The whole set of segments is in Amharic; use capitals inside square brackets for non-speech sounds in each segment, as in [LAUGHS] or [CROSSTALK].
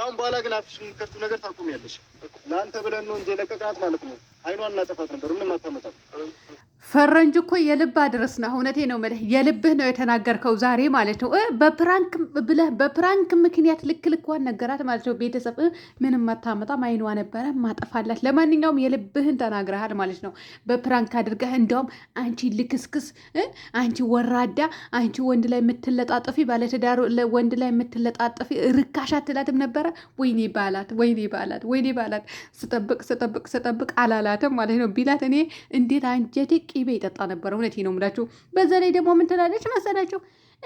ከአሁን በኋላ ግን አፍሽ የምትከፍቱ ነገር ታቁሚያለሽ። ለአንተ ብለን ነው እንጂ ለቀቅናት ማለት ነው አይኗን እናጠፋት ነበር። ምንም አታመጣም። ፈረንጅ እኮ የልብ አድረስ ነው። እውነቴ ነው የምልህ የልብህ ነው የተናገርከው ዛሬ ማለት ነው። በፕራንክ ብለህ በፕራንክ ምክንያት ልክ ልኳን ነገራት ማለት ነው። ቤተሰብ ምንም አታመጣም፣ አይኗ ነበረ ማጠፋላት። ለማንኛውም የልብህን ተናግረሃል ማለት ነው። በፕራንክ አድርገህ እንዲያውም አንቺ ልክስክስ፣ አንቺ ወራዳ፣ አንቺ ወንድ ላይ የምትለጣጠፊ ባለትዳር ወንድ ላይ የምትለጣጠፊ ርካሽ አትላትም ነበረ? ወይኔ ባላት፣ ወይኔ ባላት፣ ወይኔ ባላት፣ ስጠብቅ ስጠብቅ ስጠብቅ አላላ አልላትም ማለት ነው። ቢላት እኔ እንዴት አንጀቴ ቂቤ ይጠጣ ነበር። እውነቴ ነው የምላችሁ። በዛ ላይ ደግሞ ምን ትላለች መሰላችሁ?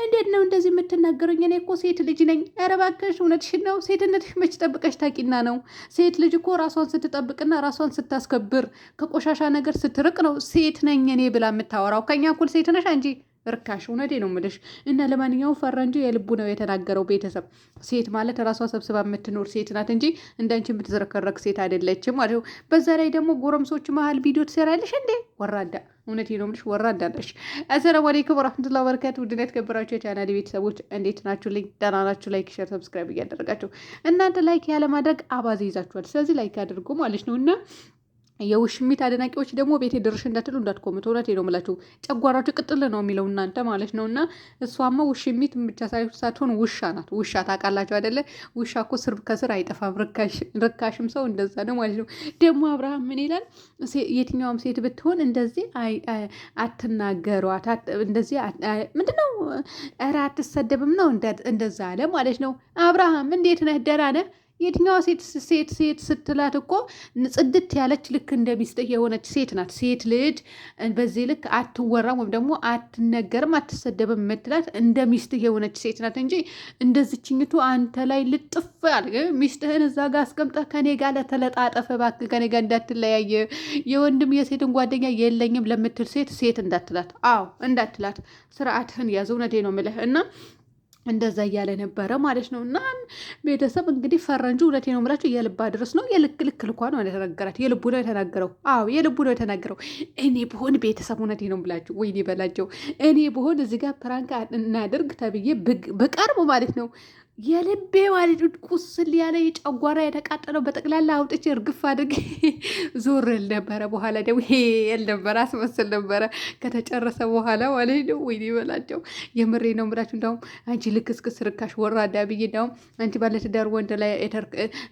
እንዴት ነው እንደዚህ የምትናገሩኝ? እኔ እኮ ሴት ልጅ ነኝ። ኧረ እባክሽ እውነትሽን ነው። ሴትነትሽ መች ጠብቀሽ ታቂና ነው? ሴት ልጅ እኮ ራሷን ስትጠብቅና ራሷን ስታስከብር ከቆሻሻ ነገር ስትርቅ ነው ሴት ነኝ እኔ ብላ የምታወራው። ከኛ እኩል ሴት ነሽ አንቺ እርካሽ እውነዴ ነው ምልሽ። እና ለማንኛውም ፈረንጁ የልቡ ነው የተናገረው። ቤተሰብ ሴት ማለት ራሷ ሰብስባ የምትኖር ሴት ናት እንጂ እንዳንቺ የምትዝረከረክ ሴት አይደለችም ማለት ነው። በዛ ላይ ደግሞ ጎረምሶች መሀል ቪዲዮ ትሰራለሽ እንዴ ወራዳ! እውነቴ ነው የምልሽ ወራዳ ነሽ። አሰላሙ አለይኩም ወራህመቱላሂ ወበረካቱ። ውድና የተከበራችሁ የቻናል ቤተሰቦች እንዴት ናችሁ? ልኝ ደህና ናችሁ? ላይክ፣ ሸር፣ ሰብስክራይብ እያደረጋችሁ እናንተ ላይክ ያለማድረግ አባዜ ይዛችኋል። ስለዚህ ላይክ አድርጉ ማለት ነው እና የውሽሚት አድናቂዎች ደግሞ ቤቴ ድርሽ እንዳትሉ እንዳትኮምት፣ እውነቴን ነው የምላችሁ። ጨጓራችሁ ቅጥል ነው የሚለው እናንተ ማለት ነው። እና እሷማ ውሽሚት ብቻ ሳትሆን ውሻ ናት። ውሻ ታውቃላችሁ አይደለ? ውሻ እኮ ስር ከስር አይጠፋም። ርካሽም ሰው እንደዛ ነው ማለት ነው። ደግሞ አብርሃም ምን ይላል? የትኛውም ሴት ብትሆን እንደዚህ አትናገሯት፣ እንደዚህ ምንድን ኧረ አትሰደብም ነው እንደዛ አለ ማለት ነው። አብርሃም እንዴት ነህ? ደህና ነህ? የትኛዋ ሴት ሴት ሴት ስትላት እኮ ጽድት ያለች ልክ እንደሚስጥ የሆነች ሴት ናት። ሴት ልጅ በዚህ ልክ አትወራም ወይም ደግሞ አትነገርም፣ አትሰደብም የምትላት እንደ ሚስትህ የሆነች ሴት ናት እንጂ እንደዚችኝቱ አንተ ላይ ልጥፍ ሚስትህን እዛ ጋር አስቀምጠህ ከኔ ጋር ለተለጣጠፈ እባክህ ከኔ ጋር እንዳትለያየ የወንድም የሴትን ጓደኛ የለኝም ለምትል ሴት ሴት እንዳትላት። አዎ እንዳትላት፣ ስርዓትህን ያዘው ነዴ ነው የምልህ እና እንደዛ እያለ ነበረ ማለት ነው። እና ቤተሰብ እንግዲህ ፈረንጁ እውነቴ ነው የምላቸው የልባ ድረስ ነው የልክ ልክ ልኳ ነው የተናገራት። የልቡ ነው የተናገረው። አዎ የልቡ ነው የተናገረው። እኔ ብሆን ቤተሰብ እውነቴ ነው የምላቸው። ወይኔ በላቸው። እኔ ብሆን እዚህ ጋር ፕራንክ እናደርግ ተብዬ ብቀርብ ማለት ነው የልቤ ማለት ቁስል ያለ የጨጓራ የተቃጠለው በጠቅላላ አውጥቼ እርግፍ አድርጌ [LAUGHS] ዞር ል ነበረ። በኋላ ደግሞ ል ነበረ አስመስል ነበረ ከተጨረሰ በኋላ ማለት ነው። ወይኔ ይበላቸው፣ የምሬ ነው ምላቸው። እንዳውም አንቺ ልክስክስ ርካሽ ወራዳ ብዬ እንዳውም አንቺ ባለትዳር ወንድ ላይ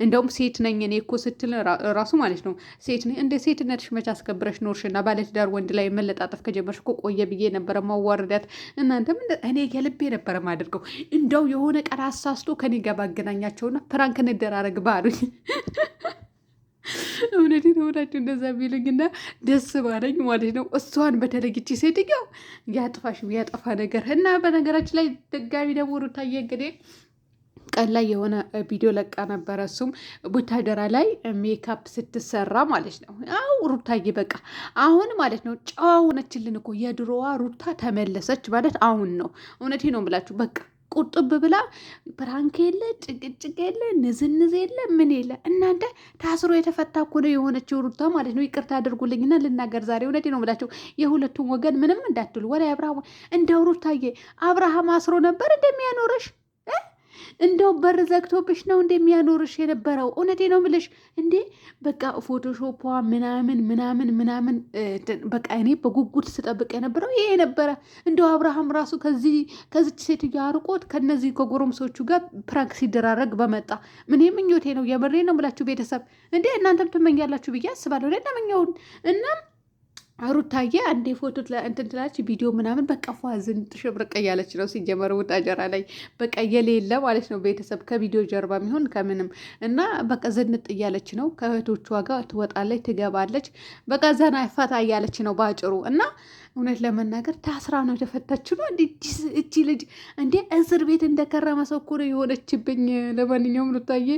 እንደውም ሴት ነኝ እኔ እኮ ስትል ራሱ ማለት ነው ሴት ነኝ እንደ ሴትነትሽ መቼ አስከብረሽ ኖርሽና ባለትዳር ወንድ ላይ መለጣጠፍ ከጀመርሽ እኮ ቆየ ብዬ ነበረ ማዋርዳት። እናንተም እኔ የልቤ ነበረ ማድርገው እንደው የሆነ ቀራሳ ተሳስቶ ከኔ ጋር ባገናኛቸውና ፕራንክ እንደራረግ ባሉኝ እውነት ሆናቸው እንደዛ ቢልኝና ደስ ባለኝ ማለት ነው። እሷን በተለግቺ ሴትየው ያጥፋሽ ያጠፋ ነገር እና በነገራችን ላይ ደጋሚ ደግሞ ሩታዬ እንግዲህ ቀን ላይ የሆነ ቪዲዮ ለቃ ነበረ። እሱም ቡታደራ ላይ ሜካፕ ስትሰራ ማለት ነው። አው ሩታዬ በቃ አሁን ማለት ነው ጨዋ ሆነችልን እኮ የድሮዋ ሩታ ተመለሰች ማለት አሁን ነው። እውነቴ ነው ብላችሁ በቃ ቁጥብ ብላ ፕራንክ የለ ጭቅጭቅ የለ ንዝንዝ የለ ምን የለ። እናንተ ታስሮ የተፈታ እኮ ነው የሆነችው ሩታ ማለት ነው። ይቅርታ አድርጉልኝና ልናገር ዛሬ። እውነቴ ነው ብላቸው የሁለቱም ወገን ምንም እንዳትሉ። ወደ አብርሃም እንደው ሩታዬ አብርሃም አስሮ ነበር እንደሚያኖረሽ እንደው በር ዘግቶብሽ ነው እንደሚያኖርሽ የነበረው። እውነቴ ነው ምልሽ እንዴ በቃ ፎቶሾፖ ምናምን ምናምን ምናምን በቃ እኔ በጉጉት ስጠብቅ የነበረው ይሄ ነበረ። እንደው አብርሃም ራሱ ከዚች ሴትዮ አርቆት ከነዚህ ከጎረምሶቹ ጋር ፕራንክ ሲደራረግ በመጣ ምን ምኞቴ ነው የምሬ ነው የምላችሁ ቤተሰብ እንዴ እናንተም ትመኛላችሁ ብዬ አስባለሁ። እናም አሩታዬ አንዴ ፎቶ እንትን ትላለች፣ ቪዲዮ ምናምን በቃ ፏዝን ዝንጥ ሽብርቅ እያለች ነው። ሲጀመር ቡታጀራ ላይ በቃ የሌለ ማለት ነው ቤተሰብ ከቪዲዮ ጀርባ የሚሆን ከምንም እና በቃ ዝንጥ እያለች ነው። ከእህቶቿ ጋር ትወጣለች፣ ትገባለች፣ በቃ ዘና ፈታ እያለች ነው ባጭሩ እና እውነት ለመናገር ታስራ ነው የተፈታችሁ ነው። እቺ ልጅ እንዴ እስር ቤት እንደከረመ ሰው እኮ ነው የሆነችብኝ። ለማንኛውም ሩታዬ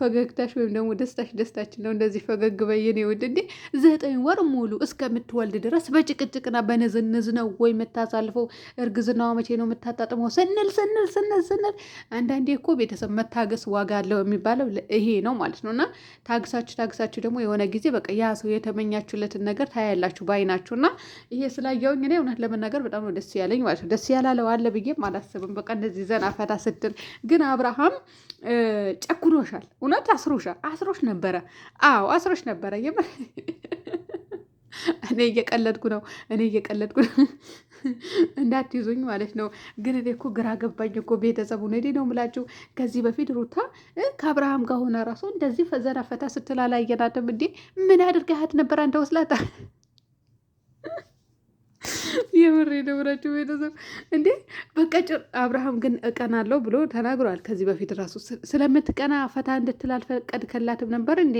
ፈገግታሽ ወይም ደግሞ ደስታሽ ደስታችን ነው። እንደዚህ ፈገግ በየን የወድ እንዴ ዘጠኝ ወር ሙሉ እስከምትወልድ ድረስ በጭቅጭቅና በንዝንዝ ነው ወይ የምታሳልፈው? እርግዝናዋ መቼ ነው የምታጣጥመው? ስንል ስንል ስንል ስንል አንዳንዴ እኮ ቤተሰብ መታገስ ዋጋ አለው የሚባለው ይሄ ነው ማለት ነው። እና ታግሳችሁ ታግሳችሁ ደግሞ የሆነ ጊዜ በቃ ያ ሰው የተመኛችሁለትን ነገር ታያላችሁ ባይናችሁ እና ይሄ ስላ ስላየሁኝ እኔ እውነት ለመናገር በጣም ነው ደስ ያለኝ ማለት ነው። ደስ ያላለው አለ ብዬም አላስብም። በቃ እንደዚህ ዘና ፈታ ስትል ግን አብርሃም ጨኩኖሻል። እውነት አስሮሻል። አስሮሽ ነበረ። አዎ አስሮሽ ነበረ። እኔ እየቀለድኩ ነው። እኔ እየቀለድኩ ነው እንዳትይዙኝ ማለት ነው። ግን እኔ እኮ ግራ ገባኝ እኮ ቤተሰቡ ሄዴ ነው የምላችሁ። ከዚህ በፊት ሩታ ከአብርሃም ጋር ሆነ ራሱ እንደዚህ ፈዘና ፈታ ስትል አላየናትም እንዴ? ምን አድርገሃት ነበር አንተ ወስላታ የምሬ ደብራቸው ቤተሰብ እንዴ በቀጭ አብርሃም ግን እቀናለሁ ብሎ ተናግሯል። ከዚህ በፊት ራሱ ስለምትቀና ፈታ እንድትል አልፈቀድክላትም ነበር እንዴ?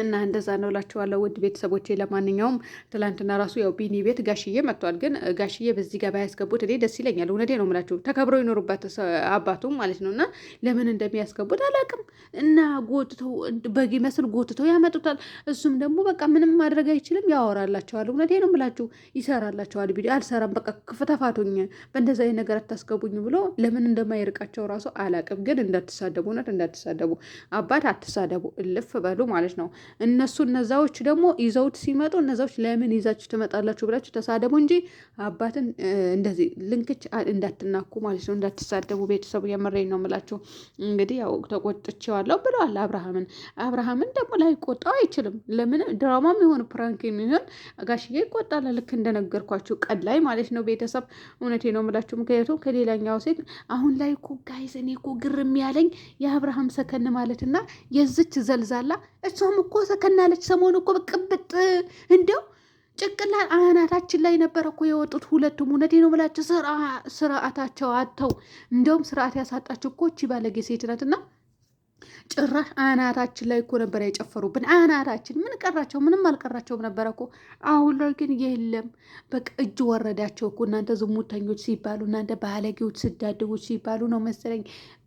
እና እንደዛ ነው እላችኋለሁ ውድ ቤተሰቦቼ። ለማንኛውም ትላንትና ራሱ ያው ቢኒ ቤት ጋሽዬ መጥቷል። ግን ጋሽዬ በዚህ ጋር ባያስገቡት እኔ ደስ ይለኛል። እውነቴ ነው የምላችሁ። ተከብረው ይኖሩበት አባቱም ማለት ነው። እና ለምን እንደሚያስገቡት አላውቅም። እና ጎትተው በግ መስል ጎትተው ያመጡታል። እሱም ደግሞ በቃ ምንም ማድረግ አይችልም። ያወራላቸዋል። እውነቴ ነው የምላችሁ። ይሰራላቸዋል። ቪዲዮ አልሰራም በቃ ክፍተፋቶኝ በእንደዚ አይነት ነገር አታስገቡኝ ብሎ ለምን እንደማይርቃቸው ራሱ አላውቅም። ግን እንዳትሳደቡ እውነት እንዳትሳደቡ፣ አባት አትሳደቡ፣ እልፍ በሉ ማለት ነው። እነሱ እነዛዎች ደግሞ ይዘውት ሲመጡ እነዛዎች ለምን ይዛችሁ ትመጣላችሁ ብላችሁ ተሳደቡ እንጂ አባትን እንደዚህ ልንክች እንዳትናኩ ማለት ነው፣ እንዳትሳደቡ ቤተሰቡ። የምሬን ነው የምላችሁ። እንግዲህ ያው ተቆጥቼዋለሁ ብለዋል አብርሃምን። አብርሃምን ደግሞ ላይቆጣው አይችልም። ለምን ድራማ የሚሆን ፕራንክ የሚሆን ጋሽዬ ይቆጣል። ልክ እንደነገርኳችሁ ቀን ላይ ማለት ነው ቤተሰብ። እውነቴ ነው የምላችሁ። ምክንያቱም ከሌላኛው ሴት አሁን ላይ እኮ ጋይዝ እኔ እኮ ግርም ያለኝ የአብርሃም ሰከን ማለትና የዝች ዘልዛላ እሷም እኮ ሰከናለች። ሰሞኑ እኮ ቅብጥ እንደው ጭቅላ አናታችን ላይ ነበር እኮ የወጡት ሁለቱም። እውነቴ ነው ብላቸው ስርአታቸው አተው እንደውም ስርአት ያሳጣቸው እኮ እቺ ባለጌ ሴት ናት ጭራሽ አናታችን ላይ እኮ ነበር የጨፈሩብን። አናታችን ምን ቀራቸው? ምንም አልቀራቸውም ነበር እኮ። አሁን ላይ ግን የለም በቃ እጅ ወረዳቸው እኮ። እናንተ ዝሙተኞች ሲባሉ፣ እናንተ ባለጌዎች፣ ስዳደጎች ሲባሉ ነው መሰለኝ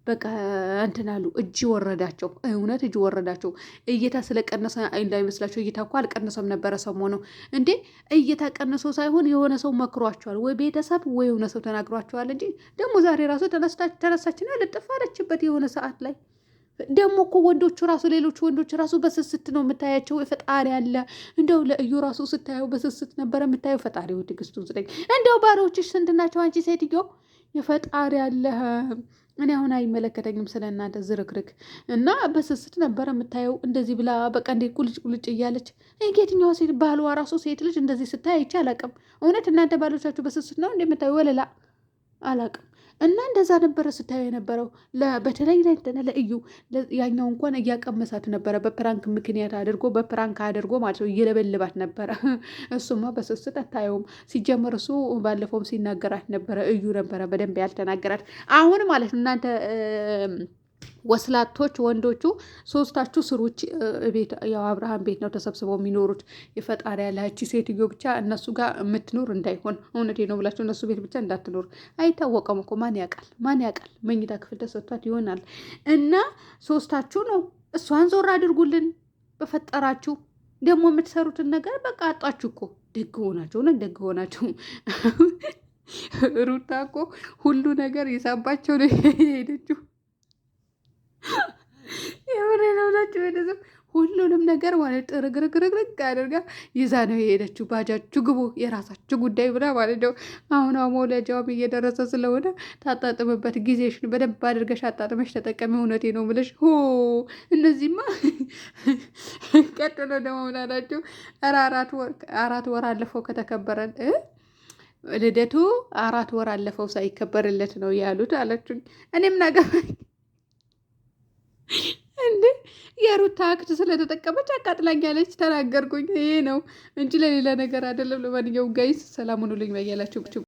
በቃ እንትን አሉ። እጅ ወረዳቸው፣ እውነት እጅ ወረዳቸው። እይታ ስለቀነሰ እንዳይመስላቸው፣ እይታ እኮ አልቀነሰም ነበረ። ሰሞኑ እንዴ እይታ ቀነሰው ሳይሆን የሆነ ሰው መክሯቸዋል፣ ወይ ቤተሰብ ወይ የሆነ ሰው ተናግሯቸዋል እንጂ ደግሞ ዛሬ ራሱ ተነሳችን ልጥፍ አለችበት የሆነ ሰዓት ላይ ደግሞ እኮ ወንዶቹ ራሱ ሌሎቹ ወንዶች ራሱ በስስት ነው የምታያቸው። ፈጣሪ አለ እንደው ለእዩ ራሱ ስታየው በስስት ነበረ የምታየው። ፈጣሪ ትዕግስቱን ስጠኝ። እንደው ባሎችሽ ስንት ናቸው? አንቺ ሴትዮ የፈጣሪ አለ እኔ አሁን አይመለከተኝም ስለ እናንተ ዝርክርክ እና በስስት ነበረ የምታየው። እንደዚህ ብላ በቃ እንዴት ቁልጭ ቁልጭ እያለች የትኛዋ ሴት ባሏ ራሱ ሴት ልጅ እንደዚህ ስታይ አይቼ አላቅም። እውነት እናንተ ባሎቻችሁ በስስት ነው እንደምታዩ ወለላ አላቅም። እና እንደዛ ነበረ ስታየው የነበረው። በተለይ ለእንትን ለእዩ ያኛው እንኳን እያቀመሳት ነበረ፣ በፕራንክ ምክንያት አድርጎ በፕራንክ አድርጎ ማለት ነው እየለበልባት ነበረ። [LAUGHS] እሱማ በስስት አታየውም። ሲጀምር እሱ ባለፈውም ሲናገራት ነበረ፣ እዩ ነበረ በደንብ ያልተናገራት አሁን ማለት እናንተ ወስላቶች ወንዶቹ ሶስታችሁ ስሩች ቤት ያው አብርሃም ቤት ነው ተሰብስበው የሚኖሩት። የፈጣሪ ያላችሁ ሴትዮ ብቻ እነሱ ጋር የምትኖር እንዳይሆን እውነቴ ነው ብላቸው እነሱ ቤት ብቻ እንዳትኖር። አይታወቀም እኮ ማን ያውቃል? ማን ያውቃል? መኝታ ክፍል ተሰጥቷት ይሆናል። እና ሶስታችሁ ነው እሷን ዞር አድርጉልን በፈጠራችሁ። ደግሞ የምትሰሩትን ነገር በቃ አጣችሁ እኮ። ደግ ሆናችሁ ነ ደግ ሆናችሁ [LAUGHS] ሩታ እኮ ሁሉ ነገር የሳባቸው ነው የሄደችው። [LAUGHS] የሆነ ለውላችሁ ቤተሰብ ሁሉንም ነገር ማለት ጥርግርግርግርግ አድርጋ ይዛ ነው የሄደችው። ባጃችሁ ግቡ የራሳችሁ ጉዳይ ብላ ማለት ነው። አሁን መውለጃውም እየደረሰ ስለሆነ ታጣጥምበት ጊዜሽን በደንብ አድርገሽ አጣጥመሽ ተጠቀሚ። እውነቴ ነው ብለሽ ሆ እነዚህማ [LAUGHS] ቀጥሎ ደግሞ ምናላችሁ አራት ወር አለፈው ከተከበረን ልደቱ አራት ወር አለፈው ሳይከበርለት ነው ያሉት አላችሁ። እኔም ናገባኝ እንዴ የሩታ አክት ስለተጠቀመች አቃጥላኛለች ተናገርኩኝ። ይሄ ነው እንጂ ለሌላ ነገር አይደለም። ለማንኛውም ጋይስ ሰላም ሁኑልኝ በያላችሁ